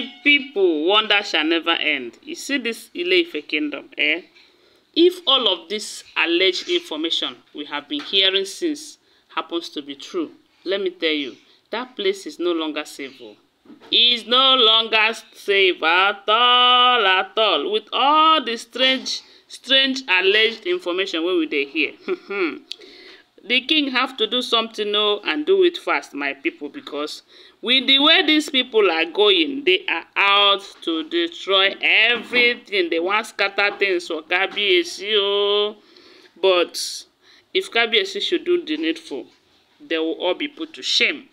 My people, wonder shall never end. You see this Ileife kingdom, eh? If all of this alleged information we have been hearing since happens to be true, let me tell you, that place is no longer safe. Oh. Is no longer safe at all, at all. With all the strange, strange alleged information where we they hear. the king have to do something o oh, and do it fast, my people, because With the way these people are going, they are out to destroy everything. They want scatter things for Kabiyesi But if Kabiyesi should do the needful, they will all be put to shame.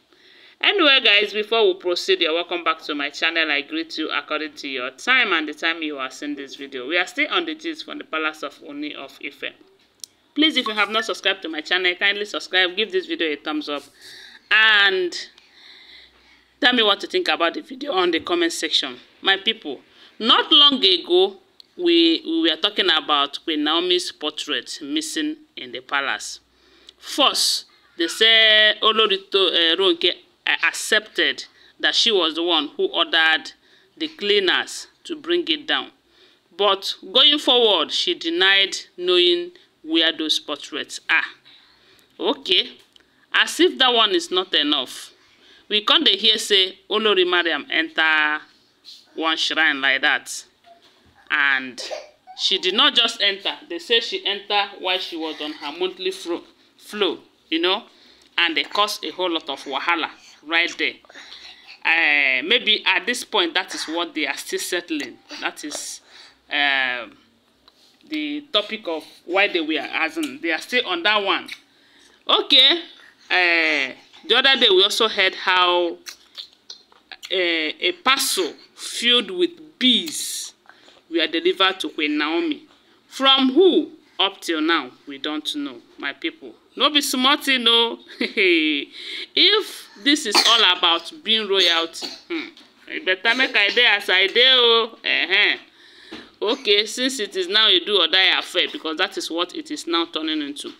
Anyway, guys, before we proceed, you're welcome back to my channel. I greet you according to your time and the time you are seeing this video. We are still on the gist from the Palace of Oni of Ife. Please, if you have not subscribed to my channel, kindly subscribe, give this video a thumbs up, and Tell me what you think about the video on the comment section. My people, not long ago, we, we were talking about Queen Naomi's portrait missing in the palace. First, they say Olorito uh, eh, Ronke accepted that she was the one who ordered the cleaners to bring it down. But going forward, she denied knowing where those portraits are. Okay, as if that one is not enough we come dey hear say olori mariam enter one shrine like that and she did not just enter they say she enter while she was on her monthly fro flow you know and they cause a whole lot of wahala right there uh, maybe at this point that is what they are still settling that is uh, the topic of why they were as in they are still on that one okay uh, The other day, we also heard how a, eh, a parcel filled with bees were delivered to Queen Naomi. From who? Up till now, we don't know, my people. No be small no. If this is all about being royalty, hmm, better make idea as I dey Okay, since it is now a do or die affair, because that is what it is now turning into.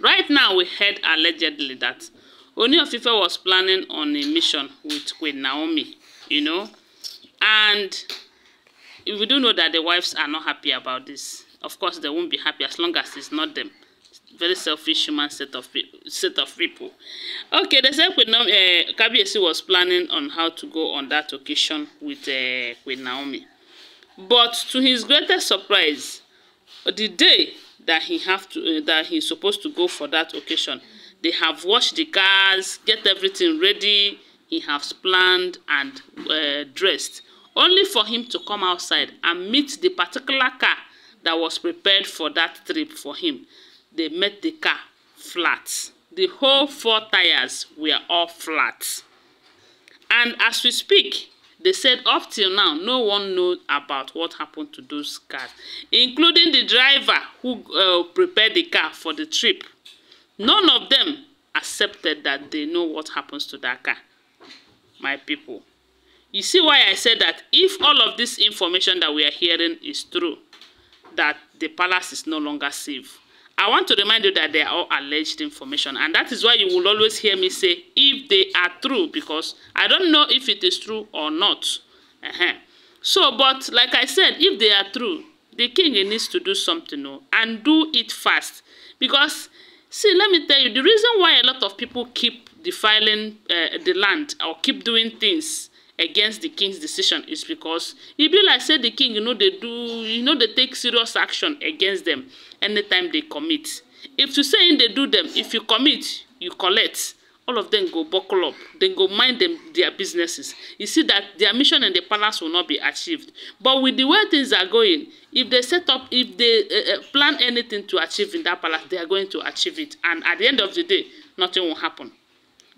Right now, we heard allegedly that Oni of was planning on a mission with Queen Naomi, you know. And we do know that the wives are not happy about this. Of course, they won't be happy as long as it's not them. Very selfish human set of set of people. Okay, the same with Naomi, uh, eh, Kabiesi was planning on how to go on that occasion with uh, Queen Naomi. But to his greatest surprise, the day that he have to uh, that he's supposed to go for that occasion, mm -hmm They have washed the cars, get everything ready. He has planned and uh, dressed, only for him to come outside and meet the particular car that was prepared for that trip for him. They met the car flat. The whole four tires were all flat. And as we speak, they said up till now, no one knows about what happened to those cars, including the driver who uh, prepared the car for the trip. None of them accepted that they know what happens to that car. My people. You see why I said that if all of this information that we are hearing is true, that the palace is no longer safe. I want to remind you that they are all alleged information. And that is why you will always hear me say, if they are true, because I don't know if it is true or not. Uh -huh. So, but like I said, if they are true, the king needs to do something, oh, and do it fast. Because See, let me tell you, the reason why a lot of people keep defiling uh, the land or keep doing things against the king's decision is because e be like say the king you know they do you know they take serious action against them anytime they commit if you say him dey do them if you commit you collect all of them go buckle up. They go mind them, their businesses. You see that their mission and the palace will not be achieved. But with the way things are going, if they set up, if they uh, plan anything to achieve in that palace, they are going to achieve it. And at the end of the day, nothing will happen.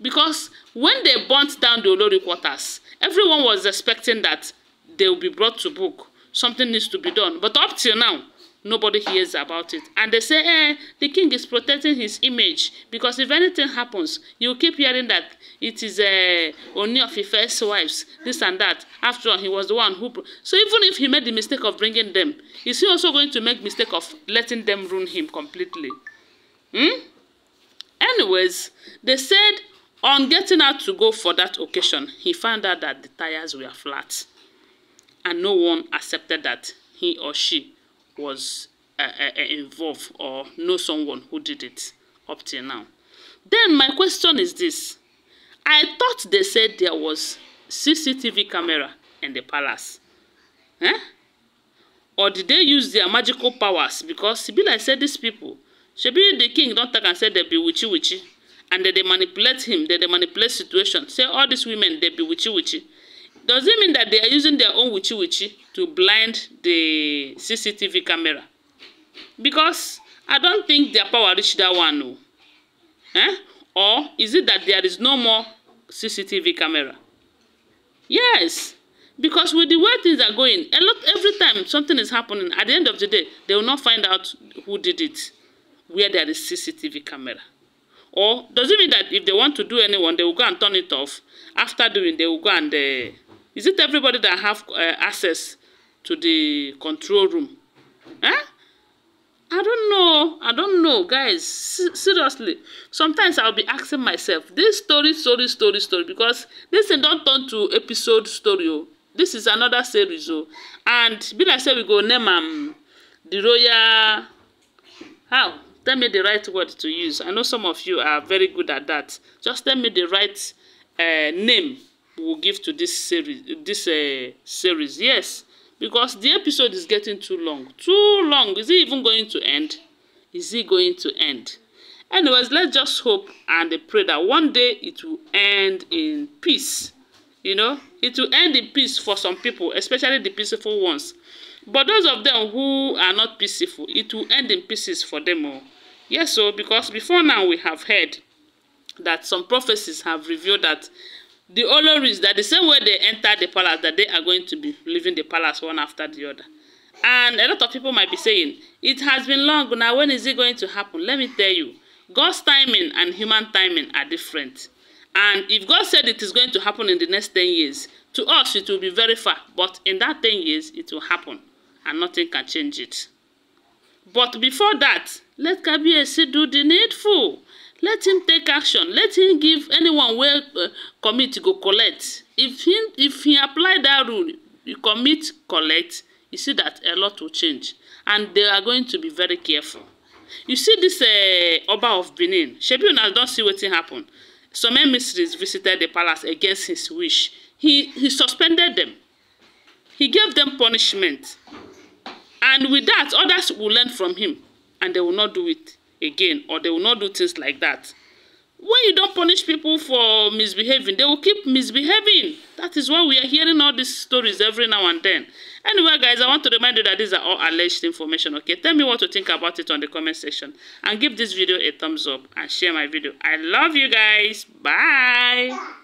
Because when they burnt down the Olori quarters, everyone was expecting that they will be brought to book. Something needs to be done. But up till now, nobody hears about it. And they say, eh, the king is protecting his image because if anything happens, you keep hearing that it is uh, eh, only of his first wives, this and that. After all, he was the one who... So even if he made the mistake of bringing them, is he also going to make mistake of letting them ruin him completely? Hmm? Anyways, they said on getting out to go for that occasion, he found out that the tires were flat. And no one accepted that, he or she was uh, uh, uh, involved or know someone who did it up till now. Then my question is this. I thought they said there was CCTV camera in the palace. Eh? Or did they use their magical powers? Because e be like said these people, shebi the king don't talk and say they be witchy witchy and they dey manipulate him, they dey manipulate situation. Say all these women they be witchy witchy. Does it mean that they are using their own wichi-wichi to blind the CCTV camera? Because I don't think their power reached that one. No. Eh? Or is it that there is no more CCTV camera? Yes. Because with the way things are going, a lot every time something is happening, at the end of the day, they will not find out who did it, where there is CCTV camera. Or does it mean that if they want to do anyone, they will go and turn it off? After doing, they will go and... Uh, Is it everybody that have uh, access to the control room? Eh? I don't know. I don't know, guys. S seriously. Sometimes I'll be asking myself, this story, story, story, story, because this thing don't turn to episode story. Oh. This is another series. Oh. And be like say we go name um, the royal... How? Tell me the right word to use. I know some of you are very good at that. Just tell me the right uh, name will give to this series this uh, series yes because the episode is getting too long too long is it even going to end is it going to end anyways let's just hope and pray that one day it will end in peace you know it will end in peace for some people especially the peaceful ones but those of them who are not peaceful it will end in pieces for them all oh. yes so oh, because before now we have heard that some prophecies have revealed that The only risk that the same way they enter the palace, that they are going to be leaving the palace one after the other. And a lot of people might be saying, it has been long now, when is it going to happen? Let me tell you, God's timing and human timing are different. And if God said it is going to happen in the next 10 years, to us it will be very far. But in that 10 years, it will happen and nothing can change it. But before that, let Kabiyesi do the needful. Let him take action. Let him give anyone where, uh, committee go collect if he if he apply that rule the commit collect you see that a lot will change and they are going to be very careful you see this uh, oba of benin shebi una don see wetin happen some emissaries visited the palace against his wish he he suspended them he gave them punishment and with that others will learn from him and they will not do it again or they will not do things like that when you don't punish people for misbehaving, they will keep misbehaving. That is why we are hearing all these stories every now and then. Anyway, guys, I want to remind you that these are all alleged information, okay? Tell me what you think about it on the comment section. And give this video a thumbs up and share my video. I love you guys. Bye.